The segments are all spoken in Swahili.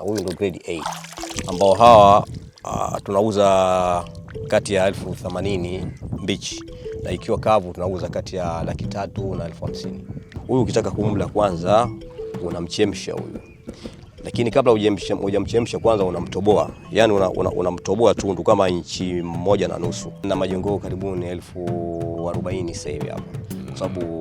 Huyu ndio grade A ambao hawa uh, tunauza kati ya elfu themanini mbichi na ikiwa kavu tunauza kati ya laki tatu na elfu hamsini. Huyu ukitaka kumla kwanza unamchemsha huyu, lakini kabla hujamchemsha kwanza unamtoboa, yani unamtoboa una, una tundu kama inchi moja na nusu, na majengo karibuni elfu arobaini sasa hivi hapo, kwa sababu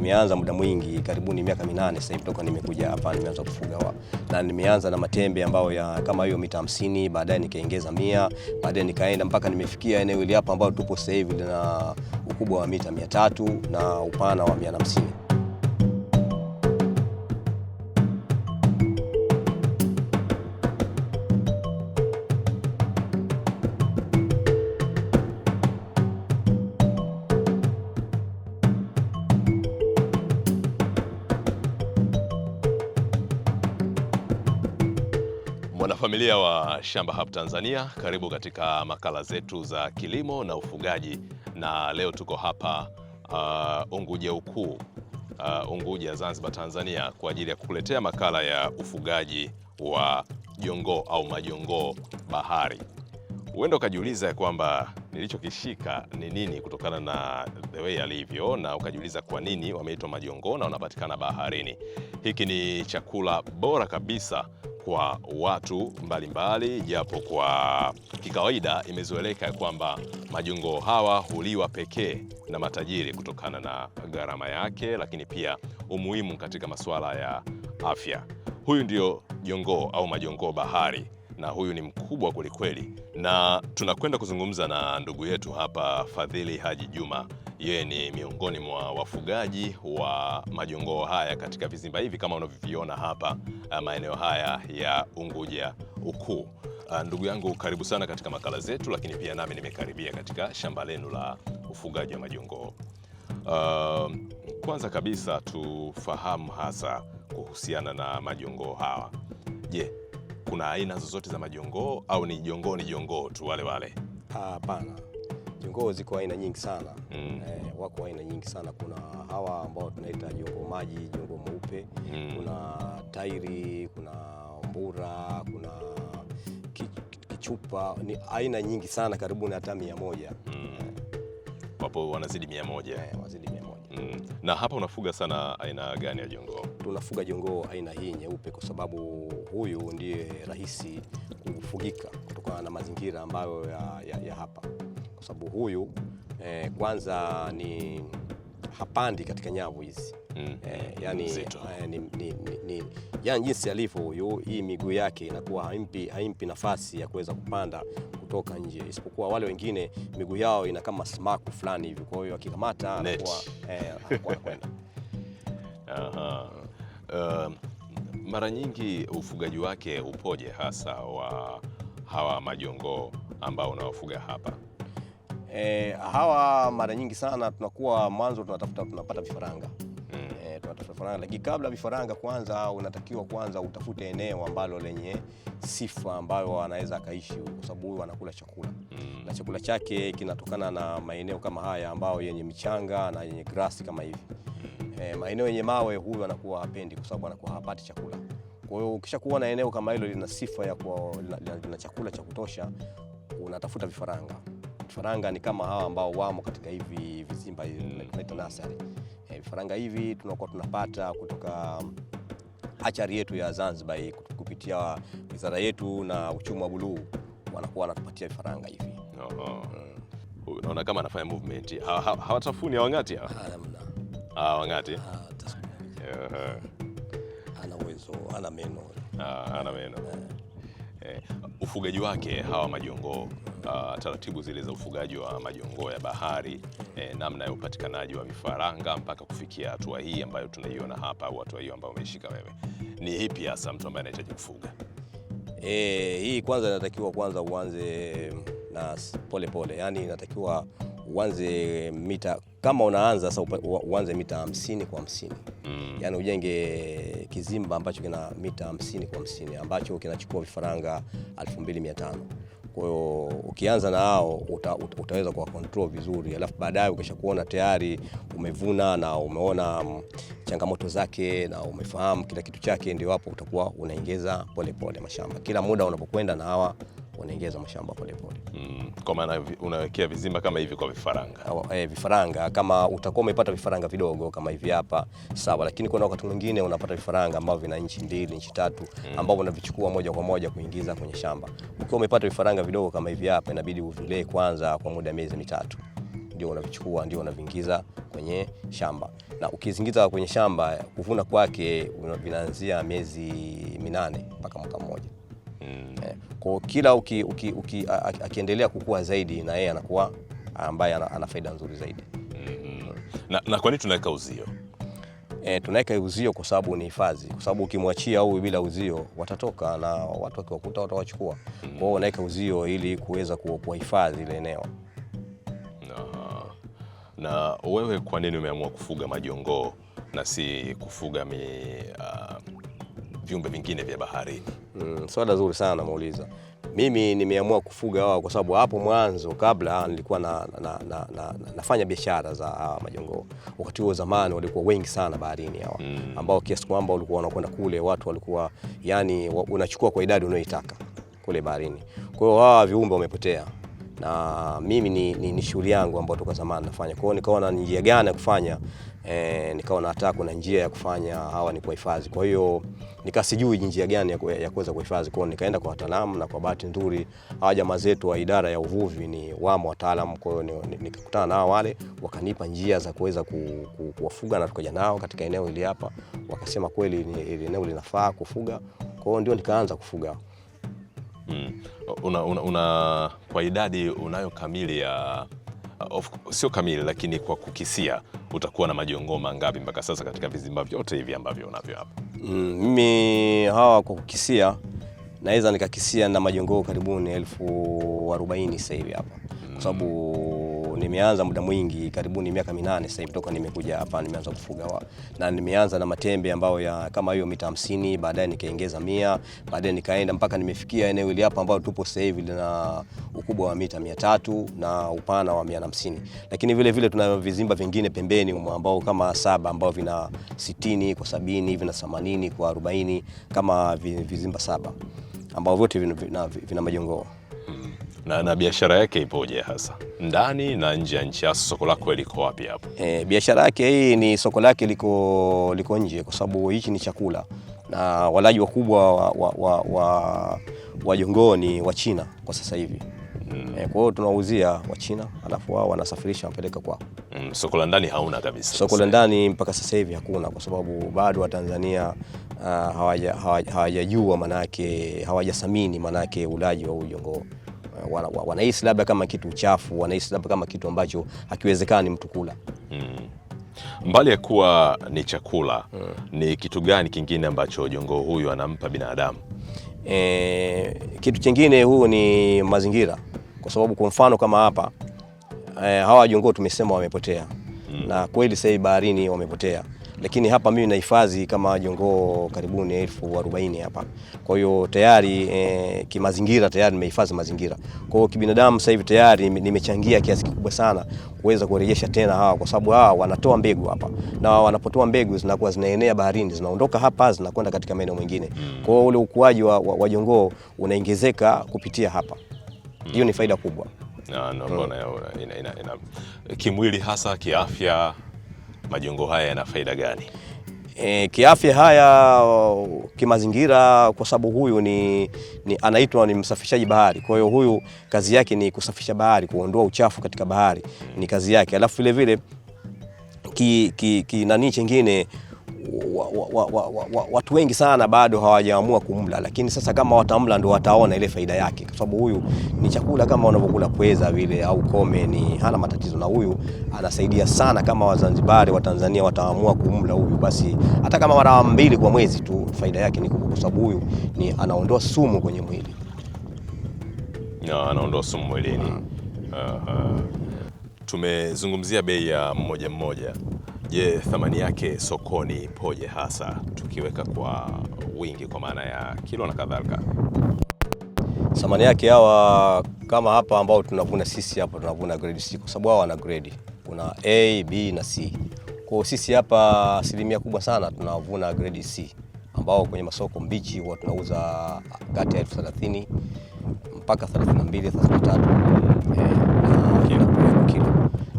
nimeanza muda mwingi, karibuni miaka minane sasa hivi toka nimekuja hapa, nimeanza kufuga wa. Na nimeanza na matembe ambayo ya kama hiyo mita 50, baadaye nikaongeza mia, baadaye nikaenda mpaka nimefikia eneo hili hapa ambao tupo sasa hivi na ukubwa wa mita mia na upana wa 150. Familia wa Shamba Hub Tanzania, karibu katika makala zetu za kilimo na ufugaji, na leo tuko hapa uh, Unguja Ukuu uh, Unguja Zanzibar, Tanzania kwa ajili ya kukuletea makala ya ufugaji wa jongoo au majongoo bahari. Huenda ukajiuliza ya kwamba nilichokishika ni nini kutokana na the way alivyo, na ukajiuliza kwa nini wameitwa majongoo na wanapatikana baharini. Hiki ni chakula bora kabisa kwa watu mbalimbali, japo kwa kikawaida imezoeleka kwamba majongoo hawa huliwa pekee na matajiri kutokana na gharama yake, lakini pia umuhimu katika masuala ya afya. Huyu ndio jongoo au majongoo bahari na huyu ni mkubwa kwelikweli, na tunakwenda kuzungumza na ndugu yetu hapa Fadhili Haji Juma. Yeye ni miongoni mwa wafugaji wa majongoo haya katika vizimba hivi kama unavyoviona hapa eh, maeneo haya ya Unguja Ukuu. Ah, ndugu yangu karibu sana katika makala zetu, lakini pia nami nimekaribia katika shamba lenu la ufugaji wa majongoo. Uh, kwanza kabisa tufahamu hasa kuhusiana na majongoo hawa. Je, kuna aina zozote za majongoo au ni jongoo ni jongoo tu wale wale? Hapana, jongoo ziko aina nyingi sana mm. E, wako aina nyingi sana. Kuna hawa ambao tunaita jongoo maji, jongoo mweupe mm. Kuna tairi, kuna mbura, kuna kichupa, ni aina nyingi sana, karibu na hata mia moja mm. Wapo wanazidi mia moja eh, wazidi Mm. Na hapa unafuga sana aina gani ya jongoo? Tunafuga jongoo aina hii nyeupe kwa sababu huyu ndiye rahisi kufugika kutokana na mazingira ambayo ya, ya, ya hapa kwa sababu huyu eh, kwanza ni hapandi katika nyavu hizi Mm-hmm. Eh, yani, eh, ni, ni, ni, yani jinsi alivyo huyu, hii miguu yake inakuwa haimpi, haimpi nafasi ya kuweza kupanda kutoka nje, isipokuwa wale wengine miguu yao ina kama smaku fulani hivi, kwa hiyo akikamata eh, anakuwa anakwenda. Aha. Um, mara nyingi ufugaji wake upoje hasa wa hawa majongoo ambao unawafuga hapa? E, hawa mara nyingi sana tunakuwa mwanzo tunatafuta tunapata vifaranga vifaranga, lakini kabla vifaranga kwanza, unatakiwa kwanza utafute eneo ambalo lenye sifa ambayo anaweza akaishi, kwa sababu huyu anakula chakula mm. na chakula chake kinatokana na maeneo kama haya ambayo yenye michanga na yenye grasi kama hivi mm. E, maeneo yenye mawe huyu anakuwa hapendi, kwa sababu anakuwa hapati chakula. Kwa hiyo ukisha kuona eneo kama hilo lina sifa ya kuwa lina chakula cha kutosha, unatafuta vifaranga. Vifaranga ni kama hawa ambao wamo katika hivi vizimba hivi mm. tunaita nasari mm. Vifaranga hivi tunakuwa tunapata kutoka um, achari yetu ya Zanzibar kupitia wizara yetu na uchumi wa buluu, wanakuwa wanatupatia vifaranga hivi. Hmm. Unaona kama anafanya movement. Hawatafuni hawang'ati hawa. Ah, hawang'ati. Ana uwezo, ana meno. Ah, ana meno. Eh eh, ufugaji wake hawa majongoo uh, taratibu zile za ufugaji wa majongoo ya bahari eh, namna ya upatikanaji wa vifaranga mpaka kufikia hatua hii ambayo tunaiona hapa au hatua hiyo ambayo umeishika wewe, ni ipi hasa mtu ambaye anahitaji kufuga? E, hii kwanza inatakiwa kwanza uanze na polepole pole. Yani inatakiwa uanze mita kama unaanza sasa uanze mita hamsini kwa hamsini yani ujenge kizimba ambacho kina mita 50 kwa 50 ambacho kinachukua vifaranga 2500. Kwa hiyo ukianza na hao uta, uta, utaweza kuwa control vizuri, alafu baadaye ukisha kuona tayari umevuna na umeona mm, changamoto zake na umefahamu kila kitu chake, ndio hapo utakuwa unaingeza polepole mashamba. Kila muda unapokwenda na hawa wanaongeza mashamba polepole mm. Kwa maana unawekea vizimba kama hivi kwa vifaranga Awa, eh, vifaranga kama utakuwa umepata vifaranga vidogo kama hivi hapa sawa, lakini kuna wakati mwingine unapata vifaranga ambavyo vina nchi mbili inchi tatu mm. ambavyo unavichukua moja kwa moja kuingiza kwenye shamba. Ukiwa umepata vifaranga vidogo kama hivi hapa, inabidi uvilee kwanza kwa muda miezi mitatu ndio unavichukua ndio unaviingiza kwenye shamba, na ukizingiza kwenye shamba kuvuna kwake vinaanzia miezi minane mpaka mwaka mmoja. Mm. Eh, kwa kila uki, uki, uki, akiendelea kukua zaidi na yeye anakuwa ambaye ana faida nzuri zaidi. Mm. Na, na kwa nini tunaweka uzio? E, tunaweka uzio kwa sababu ni hifadhi, kwa sababu ukimwachia huyu bila uzio watatoka na watu wakiwakuta watawachukua. Mm-hmm. Kwa hiyo unaweka uzio ili kuweza kuwahifadhi ile eneo. Na, na wewe kwa nini umeamua kufuga majongoo na si kufuga mi, uh, viumbe vingine vya bahari? Mm, swala zuri sana muuliza. Mimi nimeamua kufuga hawa kwa sababu hapo mwanzo kabla nilikuwa na, na, na, na, nafanya biashara za hawa majongoo. Wakati huo zamani walikuwa wengi sana baharini hawa mm, ambao kiasi kwamba walikuwa wanakwenda kule, watu walikuwa yani unachukua kwa idadi unayoitaka kule baharini. Kwa hiyo hawa viumbe wamepotea na mimi ni, ni, ni shughuli yangu ambayo toka zamani nafanya. Kwa hiyo nikaona njia gani ya kufanya e, nikaona hata kuna njia ya kufanya hawa ni kuhifadhi. Kwa hiyo nikasijui njia gani ya kuweza kuhifadhi, kwa hiyo nikaenda kwa wataalamu, na kwa bahati nzuri hawa jamaa zetu wa idara ya uvuvi ni wamo wataalamu, kwa hiyo nikakutana nao wale, wakanipa njia za kuweza ku, ku, na tukaja nao katika eneo hili hapa, wakasema kweli ni eneo linafaa kufuga, kwa hiyo ndio nikaanza kufuga. Hmm. Una, una, una, kwa idadi unayo kamili ya Uh, of, sio kamili, lakini kwa kukisia utakuwa na majongo mangapi mpaka sasa katika vizimba vyote hivi ambavyo unavyo hapa? Mm, mimi hawa kwa kukisia naweza nikakisia na majongo karibuni elfu arobaini sasa hivi hapa kwa sababu nimeanza muda mwingi, karibuni miaka minane sasa hivi toka nimekuja hapa, nimeanza kufuga wa. na nimeanza na matembe ambayo ya kama hiyo mita 50, baadaye nikaongeza 100, baadaye nikaenda mpaka nimefikia eneo hili hapa ambayo tupo sasa hivi lina ukubwa wa mita 300 na upana wa 150. lakini vile vile tuna vizimba vingine pembeni humo ambao kama saba ambao vina 60 kwa 70 hivi na 80 kwa 40 kama vizimba saba ambao vyote vina, vina, vina majongoo na, na biashara yake ipoje hasa ndani na nje ya nchi, hasa soko lako liko wapi hapo? E, biashara yake hii ni soko lake liko, liko nje kwa sababu hichi ni chakula na walaji wakubwa wa, wa, wa, wa, wa jongoo ni wa China kwa sasa hivi. Mm. E, kwa hiyo wa Wachina alafu wao wanasafirisha wanapeleka kwao. Mm, soko la ndani hauna kabisa. Soko la ndani mpaka sasa hivi hakuna kwa sababu bado Watanzania uh, hawajajua hawaja, manake hawajathamini manake ulaji wa ujongoo. Eh, wanahisi labda kama kitu chafu, wanahisi labda kama kitu ambacho hakiwezekani mtu kula mm. Mbali ya kuwa ni chakula mm. ni kitu gani kingine ambacho jongoo huyu anampa binadamu? E, kitu chingine huu ni mazingira, kwa sababu kwa mfano kama hapa e, hawa jongoo tumesema wamepotea mm. na kweli sasa baharini wamepotea lakini hapa mimi nahifadhi kama jongoo karibuni elfu arobaini hapa. Kwa hiyo tayari e, kimazingira tayari nimehifadhi mazingira. Kwa hiyo kibinadamu sasa hivi tayari nimechangia kiasi kikubwa sana kuweza kurejesha tena hawa, kwa sababu hawa wanatoa mbegu hapa, na wanapotoa mbegu zinakuwa zinaenea baharini, zinaondoka hapa zinakwenda katika maeneo mengine. Hmm. Kwa hiyo ule ukuaji wa, wa, wa jongoo unaongezeka kupitia hapa. Hmm. Hiyo ni faida kubwa. No, ah, no, hmm. Ina, ina, ina, kimwili hasa kiafya majengo haya yana faida gani? E, kiafya haya, kimazingira, kwa sababu huyu ni, ni anaitwa ni msafishaji bahari. Kwa hiyo huyu kazi yake ni kusafisha bahari, kuondoa uchafu katika bahari ni kazi yake, alafu vilevile ki, ki, ki nani chengine wa, wa, wa, watu wengi sana bado hawajaamua kumla, lakini sasa kama watamla ndo wataona ile faida yake, kwa sababu huyu ni chakula kama wanavyokula pweza vile au kome, ni hana matatizo. Na huyu anasaidia sana, kama Wazanzibari wa Tanzania wataamua kumla huyu, basi hata kama mara mbili kwa mwezi tu, faida yake ni kubwa, kwa sababu huyu ni anaondoa sumu kwenye mwili na anaondoa sumu mwilini. Mm. Tumezungumzia bei ya mmoja mmoja Je, yeah, thamani yake sokoni ipoje hasa tukiweka kwa wingi kwa maana ya kilo na kadhalika? Thamani yake hawa kama hapa ambao tunavuna sisi hapa tunavuna grade C kwa sababu hawa wana grade. Kuna A, B na C. Kwa sisi hapa asilimia kubwa sana tunavuna grade C ambao kwenye masoko mbichi huwa tunauza kati ya elfu thelathini mpaka 32 33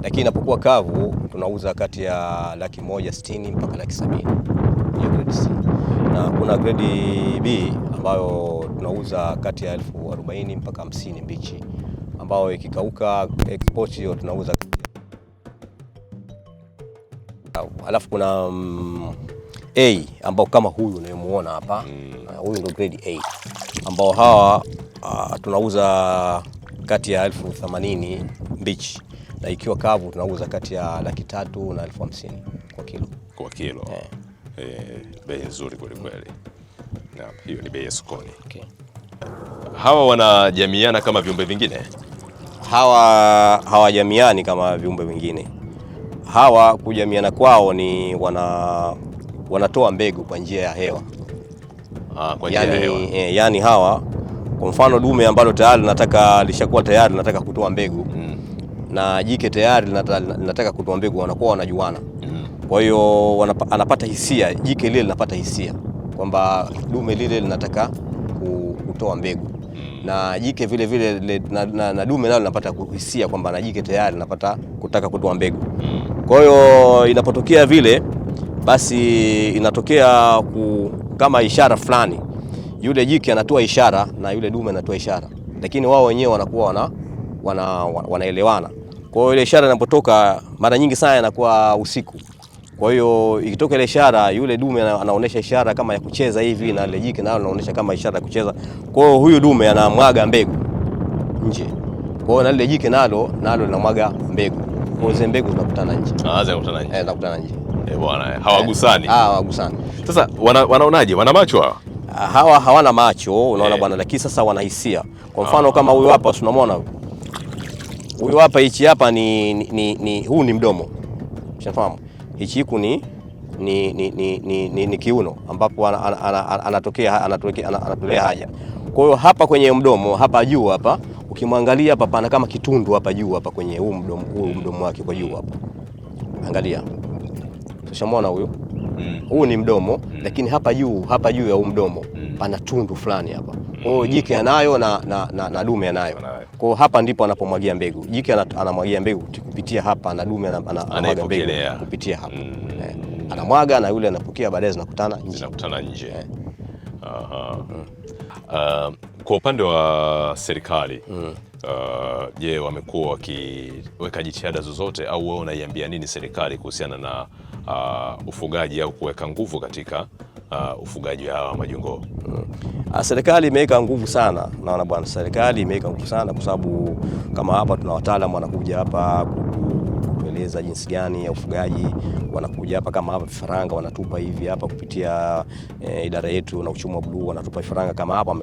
lakini inapokuwa kavu tunauza kati ya laki moja sitini mpaka laki sabini hiyo grade C, na kuna grade B ambayo tunauza kati ya elfu arobaini mpaka hamsini mbichi, ambayo ikikauka export hiyo tunauza alafu kuna mm, A ambao kama huyu unayemuona hapa mm. Huyu ndio grade A ambao hawa uh, tunauza kati ya elfu themanini mbichi na ikiwa kavu tunauza kati ya laki tatu na elfu hamsini kwa kilo, kwa kilo yeah. E, eh, bei nzuri kwelikweli. hiyo ni bei ya sokoni okay. Hawa wanajamiana kama viumbe vingine? Hawa hawajamiani kama viumbe vingine. Hawa kujamiana kwao ni wana wanatoa mbegu kwa njia ya hewa. Ah, kwa njia yani, ya hewa. E, yani hawa kwa mfano dume ambalo tayari nataka lishakuwa tayari nataka kutoa mbegu mm na jike tayari linataka kutoa mbegu, wanakuwa wanajuana. Kwa hiyo anapata hisia jike lile linapata hisia kwamba dume lile linataka kutoa mbegu na jike vile vile na, na, na dume nalo linapata hisia kwamba na jike tayari linapata kutaka kutoa mbegu. Kwa hiyo inapotokea vile basi inatokea ku, kama ishara fulani, yule jike anatoa ishara na yule dume anatoa ishara, lakini wao wenyewe wanakuwa wana, wana, wana, wanaelewana kwa hiyo ile ishara inapotoka mara nyingi sana inakuwa usiku. Kwa hiyo ikitoka ile ishara, yule dume anaonesha ishara kama ya kucheza hivi, na ile jike nalo linaonesha kama ishara ya kucheza. Kwa hiyo huyu dume anamwaga mbegu nje, kwa hiyo na ile jike nalo nalo linamwaga mbegu. Kwa hiyo zile mbegu zinakutana nje, Ah, zinakutana nje Eh, Eh, zinakutana nje. Eh, bwana, hawagusani. Eh, ah, Hawagusani. Sasa wana, wanaonaje? Wana macho hawa? Hawa hawana macho, unaona eh. bwana, lakini sasa wana hisia. Kwa ah. mfano kama huyu hapa tunamwona Huyu hapa hichi hapa ni, ni, ni, ni huu ni mdomo. Ushafahamu? Hichi huku ni ni, ni, ni, ni, ni, ni kiuno ambapo anatokea ana, anatolea ana, ana, ana, ana haja. Kwa hiyo hapa kwenye mdomo hapa juu hapa ukimwangalia hapa pana kama kitundu hapa juu hapa kwenye huu mdomo huu mdomo wake kwa juu hapa. Angalia. Tushamwona huyu? Mm. Huu ni mdomo mm. lakini hapa juu hapa juu ya huu mdomo mm. pana tundu fulani hapa. Kwa hiyo jike anayo na, na, na, na dume anayo. Kwa hiyo hapa ndipo anapomwagia mbegu. Jike anamwagia mbegu kupitia hapa na dume anamwaga mbegu kupitia hapa. Mm. Eh, anamwaga na yule anapokea, baadaye zinakutana nje. Zinakutana nje. Eh. Aha. Uh, kwa upande wa serikali mm. Uh, je, wamekuwa wakiweka jitihada zozote au wewe unaiambia nini serikali kuhusiana na uh, ufugaji au kuweka nguvu katika uh, ufugaji hawa majongoo mm. Serikali imeweka nguvu sana, naona bwana, serikali imeweka nguvu sana kwa sababu kama hapa tuna wataalamu wanakuja hapa kuwaeleza jinsi gani ya ufugaji. Wanakuja hapa kama hapa vifaranga wanatupa hivi hapa kupitia e, idara yetu na uchumi wa bluu, wanatupa vifaranga kama hapa,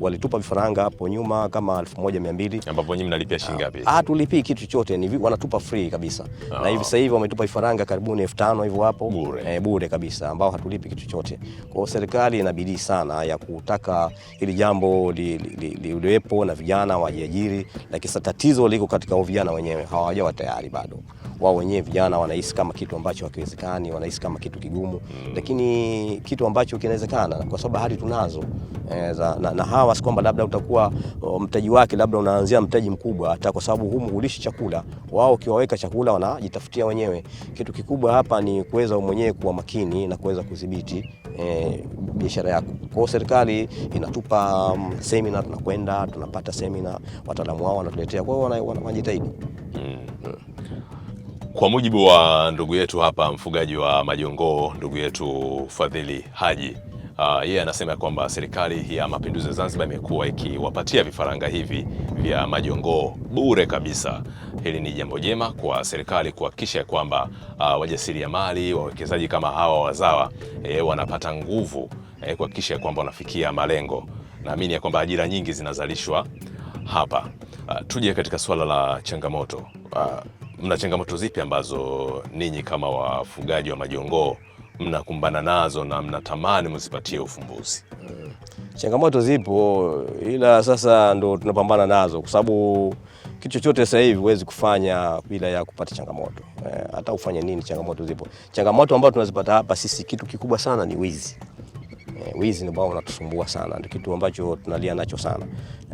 walitupa vifaranga hapo nyuma kama 1200 ambapo nyinyi mnalipia shilingi ah, ngapi? Ah, tulipi kitu chochote, ni wanatupa free kabisa oh. Na ah. hivi sasa hivi wametupa vifaranga karibuni 5000 hivyo hapo bure, e, bure kabisa ambao hatulipi kitu chochote. Kwa hiyo serikali inabidi sana ya kutaka ili jambo liwepo li, li, na vijana wajiajiri, lakini sasa tatizo liko katika vijana wenyewe hawajawa tayari bado wao wenyewe vijana wanahisi kama kitu ambacho hakiwezekani, wanahisi kama kitu kigumu mm. Lakini kitu ambacho kinawezekana kwa sababu hali tunazo Eza, eh, na, na hawa si kwamba labda utakuwa mtaji wake labda unaanzia mtaji mkubwa, hata kwa sababu humu hulishi chakula, wao ukiwaweka chakula wanajitafutia wenyewe. Kitu kikubwa hapa ni kuweza mwenyewe kuwa makini na kuweza kudhibiti e, biashara yako. Kwa hiyo serikali inatupa um, mm, semina, tunakwenda tunapata semina, wataalamu wao wanatuletea, kwa hiyo wanajitahidi wana, wana, wana, wana, wana, wana, wana, wana kwa mujibu wa ndugu yetu hapa mfugaji wa majongoo ndugu yetu Fadhili Haji uh, yeye uh, yeah, anasema kwamba serikali ya mapinduzi ya Zanzibar imekuwa ikiwapatia vifaranga hivi vya majongoo bure kabisa. Hili ni jambo jema kwa serikali kuhakikisha kwamba uh, wajasiriamali wawekezaji kama hawa wazawa eh, wanapata nguvu eh, kuhakikisha kwamba wanafikia malengo. Naamini ya kwamba ajira nyingi zinazalishwa hapa. Uh, tuje katika suala la changamoto uh, mna changamoto zipi ambazo ninyi kama wafugaji wa majongoo mnakumbana nazo na mnatamani mzipatie ufumbuzi? Hmm. Changamoto zipo, ila sasa ndo tunapambana nazo, kwa sababu kitu chochote sasa hivi huwezi kufanya bila ya kupata changamoto eh, hata ufanye nini, changamoto zipo. Changamoto ambazo tunazipata hapa sisi, kitu kikubwa sana ni wizi. E, wizi ambao unatusumbua sana, ndio kitu ambacho tunalia nacho sana.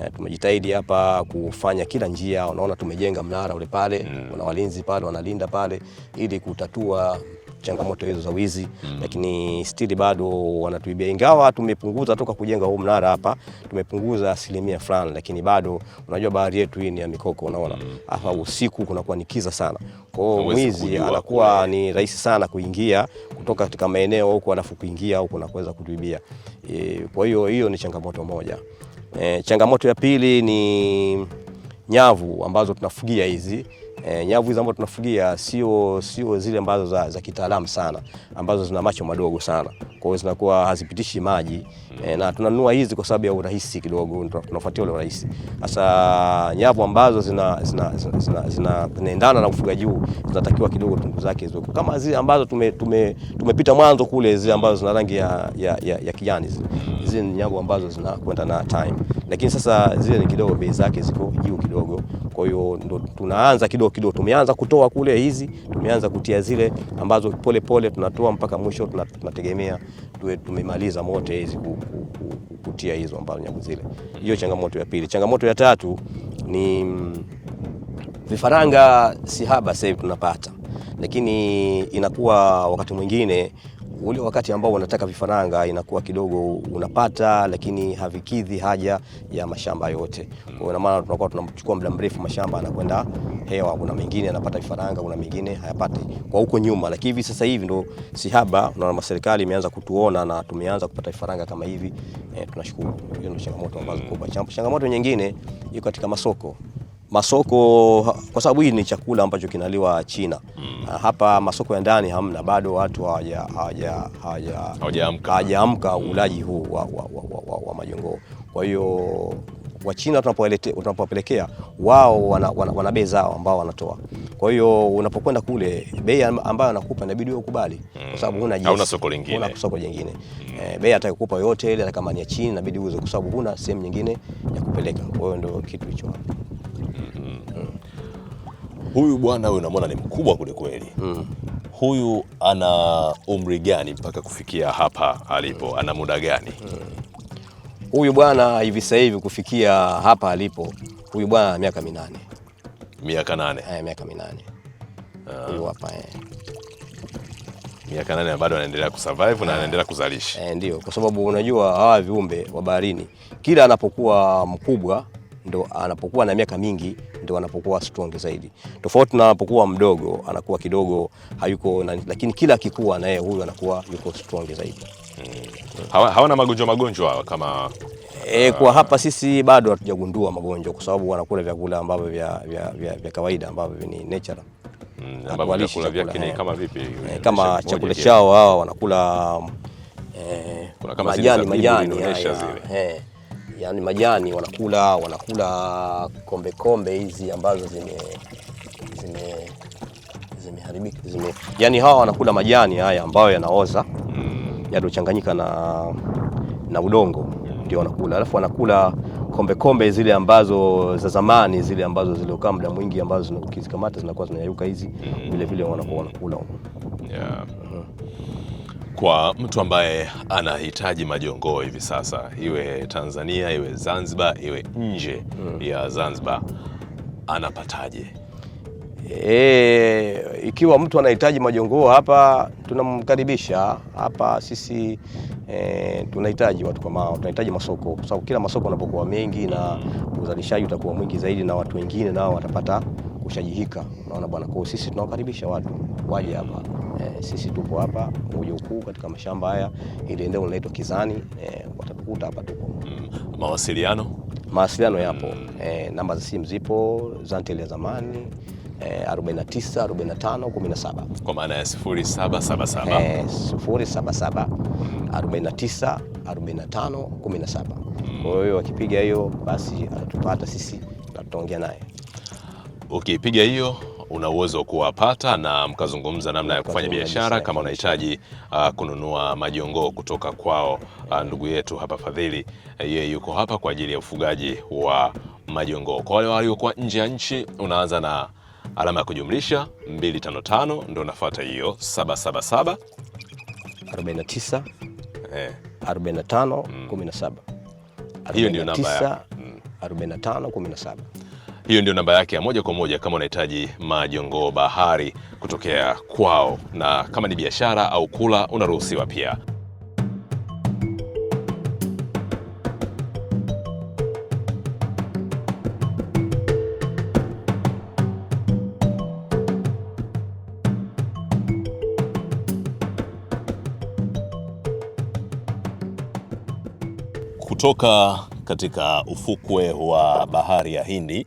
E, tumejitahidi hapa kufanya kila njia, unaona tumejenga mnara ule pale, mm. kuna mm. walinzi pale wanalinda pale ili kutatua changamoto hizo za wizi mm. Lakini still bado wanatuibia, ingawa tumepunguza toka kujenga huu mnara hapa, tumepunguza asilimia fulani, lakini bado unajua bahari yetu hii ni ya mikoko, unaona mm. usiku kunakuwa ni kiza sana, kwa hiyo mwizi anakuwa ni rahisi sana kuingia kutoka katika maeneo huko alafu kuingia na kuweza kutuibia e. Kwa hiyo hiyo ni changamoto moja e. Changamoto ya pili ni nyavu ambazo tunafugia hizi E, nyavu hizi ambazo tunafugia sio sio zile ambazo za, za kitaalamu sana ambazo zina macho madogo sana, kwa hiyo zinakuwa hazipitishi maji e, na tunanunua hizi kwa sababu ya urahisi kidogo, tunafuatia ule urahisi. Sasa nyavu ambazo zina zina, zina, zina, zina na ufugaji huu zinatakiwa kidogo tungu zake hizo, kama zile ambazo tume, tume, tumepita mwanzo kule, zile ambazo zina rangi ya, ya, ya, ya kijani zile zile ni nyavu ambazo zinakwenda na time, lakini sasa zile ni kidogo bei zake ziko juu kidogo kwa hiyo ndo tunaanza kidogo kidogo, tumeanza kutoa kule hizi, tumeanza kutia zile ambazo pole pole tunatoa mpaka mwisho tunategemea tuwe tumemaliza mote hizi kutia hizo ambazo nyavu zile. Hiyo changamoto ya pili. Changamoto ya tatu ni mm, vifaranga si haba sasa tunapata, lakini inakuwa wakati mwingine ule wakati ambao wanataka vifaranga inakuwa kidogo unapata, lakini havikidhi haja ya mashamba yote. Kwa hiyo maana tunakuwa tunachukua muda mrefu, mashamba anakwenda hewa, kuna mengine anapata vifaranga, kuna mengine hayapati kwa huko nyuma, lakini hivi sasa hivi ndo sihaba, na serikali imeanza kutuona na tumeanza kupata vifaranga kama hivi. E, tunashukuru. Hiyo ndio changamoto ambazo kubwa. Changamoto nyingine iko katika masoko masoko kwa sababu hii ni chakula ambacho kinaliwa China. Mm. Ah, hapa masoko ya ndani hamna, bado watu hawajaamka mm. ulaji huu wa, wa, wa, wa, wa, wa majongoo. Kwa hiyo Wachina tunapowapelekea wao wana, wana, wana bei zao ambao wanatoa. Kwa hiyo unapokwenda kule bei ambayo anakupa inabidi ukubali, kwa sababu mm. huna jinsi, huna soko lingine, huna soko jingine. Mm. Eh, bei atakupa yote ile, hata kama ni ya chini inabidi uuze, kwa sababu huna sehemu nyingine ya kupeleka. Kwa hiyo ndio kitu hicho hapo huyu bwana huyu namwona ni mkubwa kule kweli mm. Huyu ana umri gani mpaka kufikia hapa alipo? Hmm. Ana muda gani hmm. huyu mm. bwana hivi sasa hivi kufikia hapa alipo? Huyu bwana miaka minane. Miaka nane. Eh, miaka minane ah. huyu hapa eh. Miaka nane bado anaendelea kusurvive na ah. anaendelea kuzalisha eh, ndio, kwa sababu unajua hawa viumbe wa baharini kila anapokuwa mkubwa ndo anapokuwa na miaka mingi ndo anapokuwa strong zaidi, tofauti na anapokuwa mdogo, anakuwa kidogo hayuko na, lakini kila akikua na yeye huyu anakuwa yuko strong zaidi. Hmm. hawana magonjwa magonjwa kama E, uh, kwa hapa sisi bado hatujagundua magonjwa kwa sababu wanakula vyakula ambavyo vya, vya, vya, vya kawaida ambavyo ni natural. Mm, ambavyo vyakula vyake ni eh. kama vipi? E, kama chakula chao hawa wanakula e, kuna kama majani majani zile yani majani wanakula, wanakula kombe kombe hizi ambazo zime zime zimeharibika zime, yani hawa wanakula majani haya ambayo yanaoza mm. yaliochanganyika na, na udongo ndio wanakula, alafu wanakula kombe kombe zile ambazo za zamani zile ambazo ziliokaa muda mwingi ambazo ukizikamata zinakuwa zinayayuka hizi mm. vile vile wanakuwa wanakula yeah. uh mm-hmm. -huh kwa mtu ambaye anahitaji majongoo hivi sasa, iwe Tanzania, iwe Zanzibar, iwe nje mm. ya Zanzibar, anapataje? E, ikiwa mtu anahitaji majongoo hapa tunamkaribisha hapa. Sisi e, tunahitaji watu kama, tunahitaji masoko kwa sababu kila masoko yanapokuwa mengi na uzalishaji utakuwa mwingi zaidi, na watu wengine nao watapata kushajihika. Unaona bwana, kwa sisi tunawakaribisha watu waje hapa. E, sisi tupo hapa moja Ukuu katika mashamba haya, ili eneo linaitwa Kizani e, eh, watatukuta hapa tupo. Mm. Mawasiliano mawasiliano yapo mm. Eh, namba za simu zipo za Airtel ya zamani 49 45 17 kwa maana ya 0777 eh, 077 49 45 17. Kwa hiyo akipiga hiyo basi anatupata sisi na tutaongea naye. Ukipiga okay, hiyo una uwezo wa kuwapata na mkazungumza namna ya kufanya biashara kama unahitaji uh, kununua majongoo kutoka kwao. Uh, ndugu yetu hapa Fadhili yeye uh, yuko hapa kwa ajili ya ufugaji wa majongoo. Kwa wale waliokuwa nje ya nchi, unaanza na alama ya kujumlisha 255 ndio unafuata hiyo 777 49 eh 45 17. Mm. Hiyo ndio namba ya 45 17. Hiyo ndio namba yake ya moja kwa moja kama unahitaji majongoo bahari kutokea kwao, na kama ni biashara au kula unaruhusiwa pia. Kutoka katika ufukwe wa bahari ya Hindi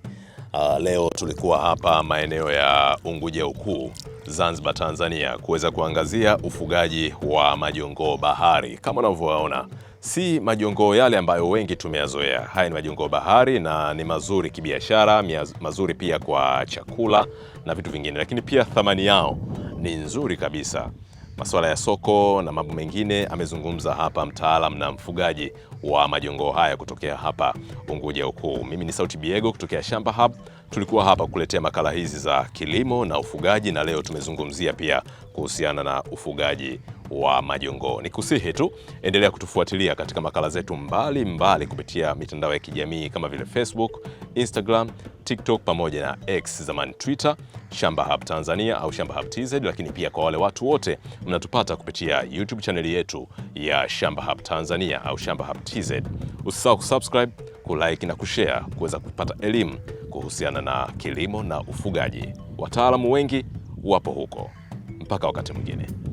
Uh, leo tulikuwa hapa maeneo ya Unguja Ukuu, Zanzibar, Tanzania kuweza kuangazia ufugaji wa majongoo bahari. Kama unavyoona, si majongoo yale ambayo wengi tumeyazoea. Haya ni majongoo bahari na ni mazuri kibiashara, mazuri pia kwa chakula na vitu vingine, lakini pia thamani yao ni nzuri kabisa masuala ya soko na mambo mengine amezungumza hapa mtaalam na mfugaji wa majongoo haya kutokea hapa Unguja Ukuu. Mimi ni Sauti Biego kutokea Shamba Hub. Tulikuwa hapa kuletea makala hizi za kilimo na ufugaji, na leo tumezungumzia pia kuhusiana na ufugaji wa Majongo. Ni kusihi tu endelea kutufuatilia katika makala zetu mbali mbali kupitia mitandao ya kijamii kama vile Facebook, Instagram, TikTok pamoja na X zamani Twitter, Shamba Hub Tanzania au Shamba Hub TZ, lakini pia kwa wale watu wote mnatupata kupitia YouTube chaneli yetu ya Shamba Hub Tanzania au Shamba Hub TZ. Usisahau kusubscribe, kulike na kushare kuweza kupata elimu kuhusiana na kilimo na ufugaji. Wataalamu wengi wapo huko. Mpaka wakati mwingine.